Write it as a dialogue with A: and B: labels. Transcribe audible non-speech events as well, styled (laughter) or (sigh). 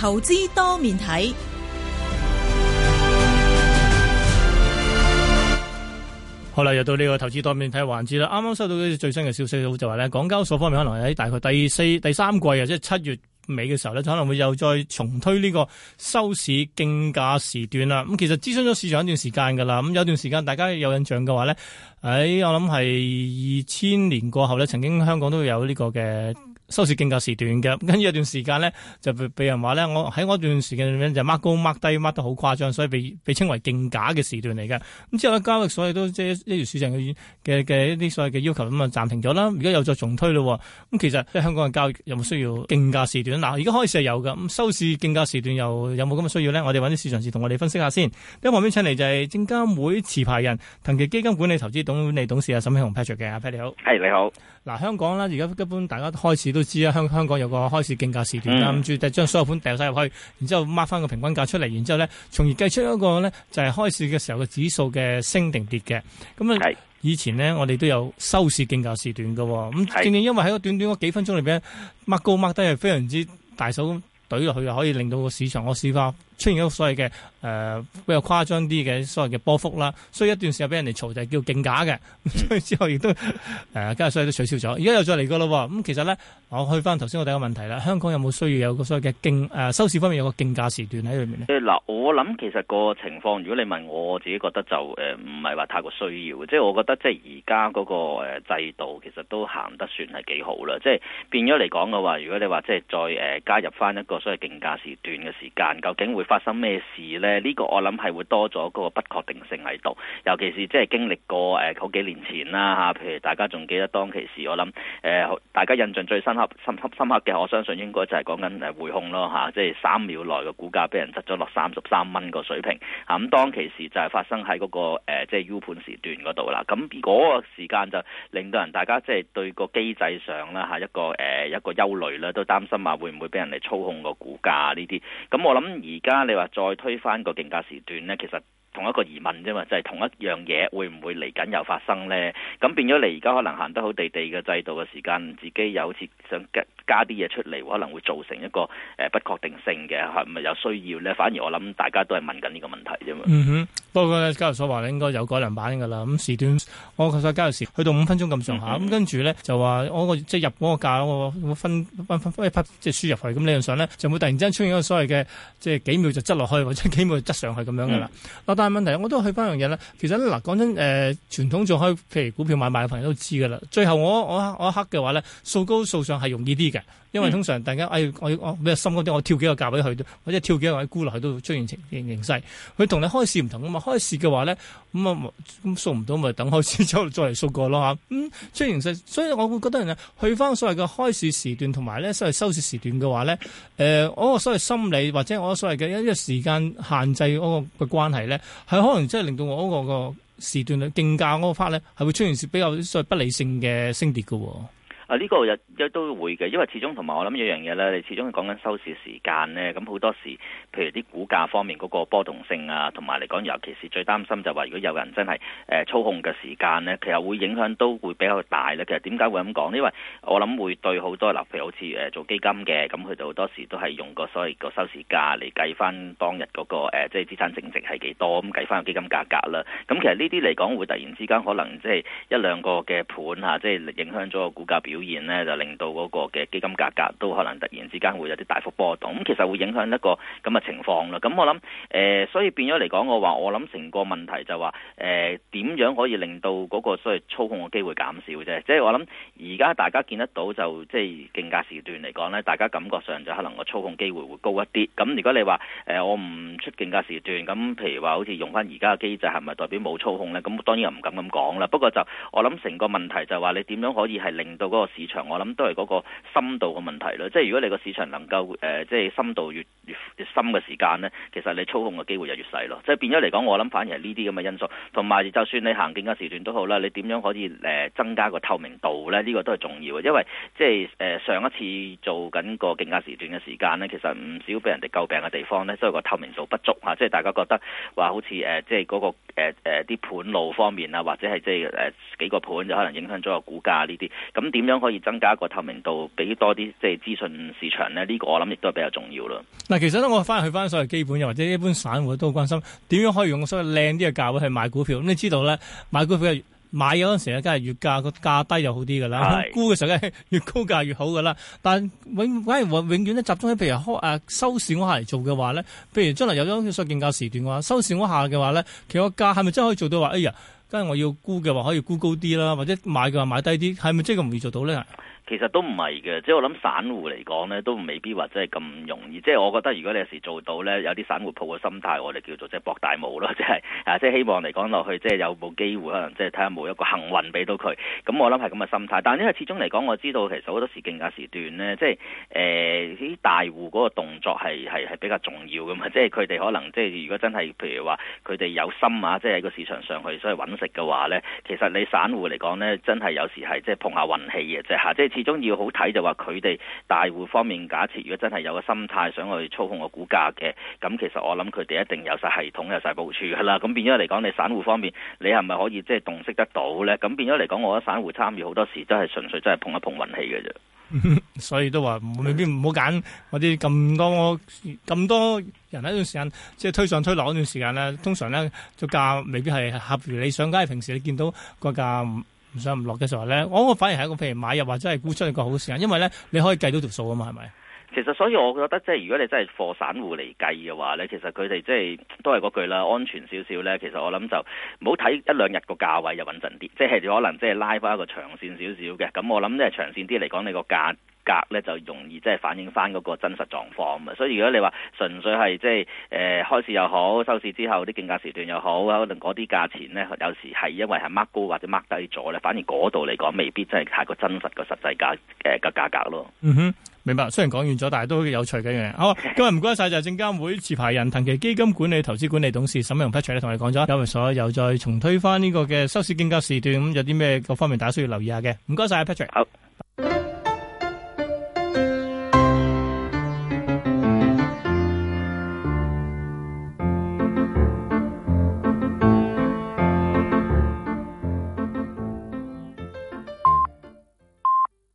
A: 投資多面睇
B: 好啦，又到呢個投資多面睇環節啦。啱啱收到的最新嘅消息，就是，就話呢，港交所方面可能喺大概第四、第三季啊，即係七月尾嘅時候咧，就可能會又再重推呢個收市競價時段啦。咁其實諮詢咗市場一段時間噶啦，咁有段時間大家有印象嘅話呢，哎，我諗係二千年過後呢，曾經香港都有呢、呢個嘅。收市競價時段嘅，跟住有段時間咧就被人話咧，我喺我段時間裏面，就掹高掹低掹得好誇張，所以被被稱為競價嘅時段嚟嘅。咁之後咧，交易所以都即係一條市場嘅嘅嘅一啲所謂嘅要求咁啊，暫停咗啦。而家又再重推咯、喔。咁其實喺香港嘅交易有冇需要競價時段？嗱，而家開始係有嘅。咁收市競價時段又有冇咁嘅需要咧？我哋揾啲市場人同我哋分析一下先。喺旁邊請嚟就係證監會持牌人騰祺基金管理投資管理董事啊，沈慶洪 Patrick 嘅，阿 Pat 你好。係、hey, 你好。嗱，香港啦，而家一般大家開始。都～都知啊，香香港有個開市競價時段啊，諗住就將所有盤掉晒入去，然之後掹翻個平均價出嚟，然之後咧，從而計出一個咧，就係開市嘅時候嘅指數嘅升定跌嘅。咁啊，以前咧，我哋都有收市競價時段嘅。咁正正因為喺個短短嗰幾分鐘裏邊，掹高掹低係非常之大手咁懟落去，又可以令到個市場個市況。出現咗所謂嘅誒、呃、比較誇張啲嘅所謂嘅波幅啦，所以一段時間俾人哋嘈就係叫競價嘅，所 (laughs) 以之後亦都誒、呃、今日所以都取消咗。而家又再嚟過咯喎，咁、嗯、其實咧，我去翻頭先我第一個問題啦，香港有冇需要有個所謂嘅競誒收市方面有個競價時段喺裏面咧？
A: 嗱，我諗其實個情況，如果你問我，我自己，覺得就誒唔係話太過需要即係、就是、我覺得即係而家嗰個制度其實都行得算係幾好啦。即、就、係、是、變咗嚟講嘅話，如果你話即係再誒、呃、加入翻一個所謂競價時段嘅時間，究竟會？發生咩事呢？呢、呢個我諗係會多咗個不確定性喺度，尤其是即係經歷過誒好幾年前啦嚇，譬如大家仲記得當其時我諗，我諗誒大家印象最深刻、深刻深刻嘅，我相信應該就係講緊誒匯控咯嚇，即係三秒內嘅股價俾人得咗落三十三蚊個水平嚇，咁當其時就係發生喺嗰、嗰個誒即係 U 盤時段嗰度啦，咁嗰個時間就令到人大家即係對個機制上啦嚇，一個誒一個憂慮啦，都擔心話會唔會俾人嚟操控個股價呢啲？咁我諗而家。你話再推返個競價時段呢，其實同一個疑問啫嘛，就係同一樣嘢會唔會嚟緊又發生呢？咁變咗你而家可能行得好地地嘅制度嘅時間，自己又好似想加啲嘢出嚟可能會造成一個、呃、不確定性嘅，係咪有需要咧？反而我諗大家都係問緊呢個問題啫嘛。嗯哼，
B: 不過咧，交易所話咧應該有改良版㗎啦。咁時段我頭先交易時去到五分鐘咁上下，咁、嗯、哼跟住咧就話我即入嗰個價，我會分分分一筆即係輸入去，咁理論上咧就會突然之間出現一個所謂嘅即係幾秒就執落去，或者幾秒就執上去咁樣㗎啦。嗱、嗯，但係問題我都去翻一樣嘢啦。其實嗱，講真誒、呃，傳統做開譬如股票買賣嘅朋友都知㗎啦。最後我我我黑嘅話咧，數高數上係容易啲嘅。因為通常大家，嗯、哎，我我要比較深啲，我跳幾個價位去，或者跳幾個位沽落去，都出現情形勢。佢同你開市唔同噶嘛？開市嘅話咧，咁、嗯、啊，咁數唔到咪等開市之後再嚟數過咯吓。嗯，出現形勢，所以我會覺得啊，去翻所謂嘅開市時段同埋咧，所謂收市時段嘅話咧，誒、呃，嗰個所謂心理或者我的所謂嘅因為時間限制嗰個嘅關係咧，係可能真係令到我嗰個個時段嘅競價嗰個 part 咧，係會出現比較所謂不理性嘅升跌噶。
A: 啊呢個亦都會嘅，因為始終同埋我諗一樣嘢咧，你始終講緊收市時間咧，咁好多時，譬如啲股價方面嗰個波動性啊，同埋嚟講，尤其是最擔心就話，如果有人真係、呃、操控嘅時間咧，其實會影響都會比較大咧。其實點解會咁講？因為我諗會對好多，譬如好似做基金嘅，咁佢哋好多時都係用個所謂個收市價嚟計翻當日嗰個、呃、即係資產淨值係幾多咁計翻個基金價格啦。咁其實呢啲嚟講會突然之間可能即係一兩個嘅盤啊，即係影響咗個股價表。表現咧就令到嗰個嘅基金價格都可能突然之間會有啲大幅波動，咁其實會影響一個咁嘅情況咯。咁我諗誒，所以變咗嚟講，我話我諗成個問題就話誒點樣可以令到嗰個所謂操控嘅機會減少啫。即係我諗而家大家見得到就即係競價時段嚟講呢，大家感覺上就可能個操控機會會高一啲。咁如果你話誒我唔出競價時段，咁譬如話好似用翻而家嘅機制，係咪代表冇操控呢？咁當然又唔敢咁講啦。不過就我諗成個問題就係話你點樣可以係令到嗰個。市場我諗都係嗰個深度嘅問題啦，即係如果你個市場能夠誒、呃，即係深度越。越深嘅時間呢，其實你操控嘅機會就越細咯，即係變咗嚟講，我諗反而係呢啲咁嘅因素，同埋就算你行競價時段都好啦，你點樣可以誒增加個透明度呢？呢、呢個都係重要嘅，因為即係上一次做緊個競價時段嘅時間呢，其實唔少俾人哋詬病嘅地方呢，都係個透明度不足嚇，即、啊、係、係、大家覺得話好似誒即係嗰個誒啲、啊啊、盤路方面啊，或者係即係誒幾個盤就可能影響咗個股價呢啲，咁點樣可以增加個透明度，俾多啲即係資訊市場呢，呢、呢個我諗亦都係比較重要咯。
B: 其實咧，我翻去翻所有基本，又或者一般散戶都關心點樣可以用所謂靚啲嘅價位去買股票。咁你知道咧，買股票買嗰時時梗係越價個價低又好啲噶啦。估嘅是時候咧，越高價越好噶啦。但永永遠都集中喺譬如、啊、收市嗰下嚟做嘅話咧，譬如將來有咗啲所謂競價時段嘅話，收市嗰下嘅話咧，企個價係咪真可以做到話？哎呀，今日我要估嘅話，可以估高啲啦，或者買嘅話買低啲，係咪真咁容易做到咧？
A: 其實都唔係嘅，即係我諗散戶嚟講呢，都未必話真係咁容易。即係我覺得，如果你有時做到呢，有啲散戶抱嘅心態，我哋叫做即係博大霧咯，即係即係希望嚟講落去，即係有冇機會可能，即係睇下冇一個幸運俾到佢。咁我諗係咁嘅心態。但係因為始終嚟講，我知道其實好多時競價時段呢，即係誒啲大戶嗰個動作係係比較重要噶嘛。即係佢哋可能即係如果真係譬如話佢哋有心啊，即係喺個市場上去所以揾食嘅話呢，其實你散戶嚟講呢，真係有時係即係碰下運氣嘅即係。始終要好睇就話佢哋大戶方面，假設如果真係有個心態想去操控個股價嘅，咁其實我諗佢哋一定有晒系統，有晒部署噶啦。咁變咗嚟講，你散戶方面，你係咪可以即係洞悉得到咧？咁變咗嚟講，我覺得散戶參與好多時都係純粹真係碰一碰運氣嘅啫。
B: (laughs) 所以都話未必唔好揀嗰啲咁多咁多人一段時間，即係推上推落一段時間咧，通常咧，個價未必係合如你想，因為平時你見到個價。唔上唔落嘅時候咧，我我反而係一個譬如買入或者係沽出嘅好時間，因為咧你可以計到條數啊嘛，係咪？
A: 其實所以我覺得即係如果你真係貨散戶嚟計嘅話咧，其實佢哋即係都係嗰句啦，安全少少咧。其實我諗就唔好睇一兩日個價位又穩陣啲，即係可能即係拉返一個長線少少嘅。咁我諗即係長線啲嚟講，你個價。格咧就容易即係反映翻嗰個真實狀況嘛，所以如果你話純粹係即係誒開市又好，收市之後啲競價時段又好，可能嗰啲價錢咧有時係因為係掹高或者掹低咗咧，反而嗰度嚟講未必真係太過真實個實際價誒個價格咯。嗯、哼，
B: 明白。雖然講完咗，但係都好有趣嘅樣嘢。好，今日唔該晒，就係證監會持牌人騰祺基金管理投資管理董事沈慶洪 Patrick 咧同你講咗，交易所又再重推翻呢個嘅收市競價時段，咁有啲咩各方面大家需要留意下嘅。唔該晒，啊，Patrick。好。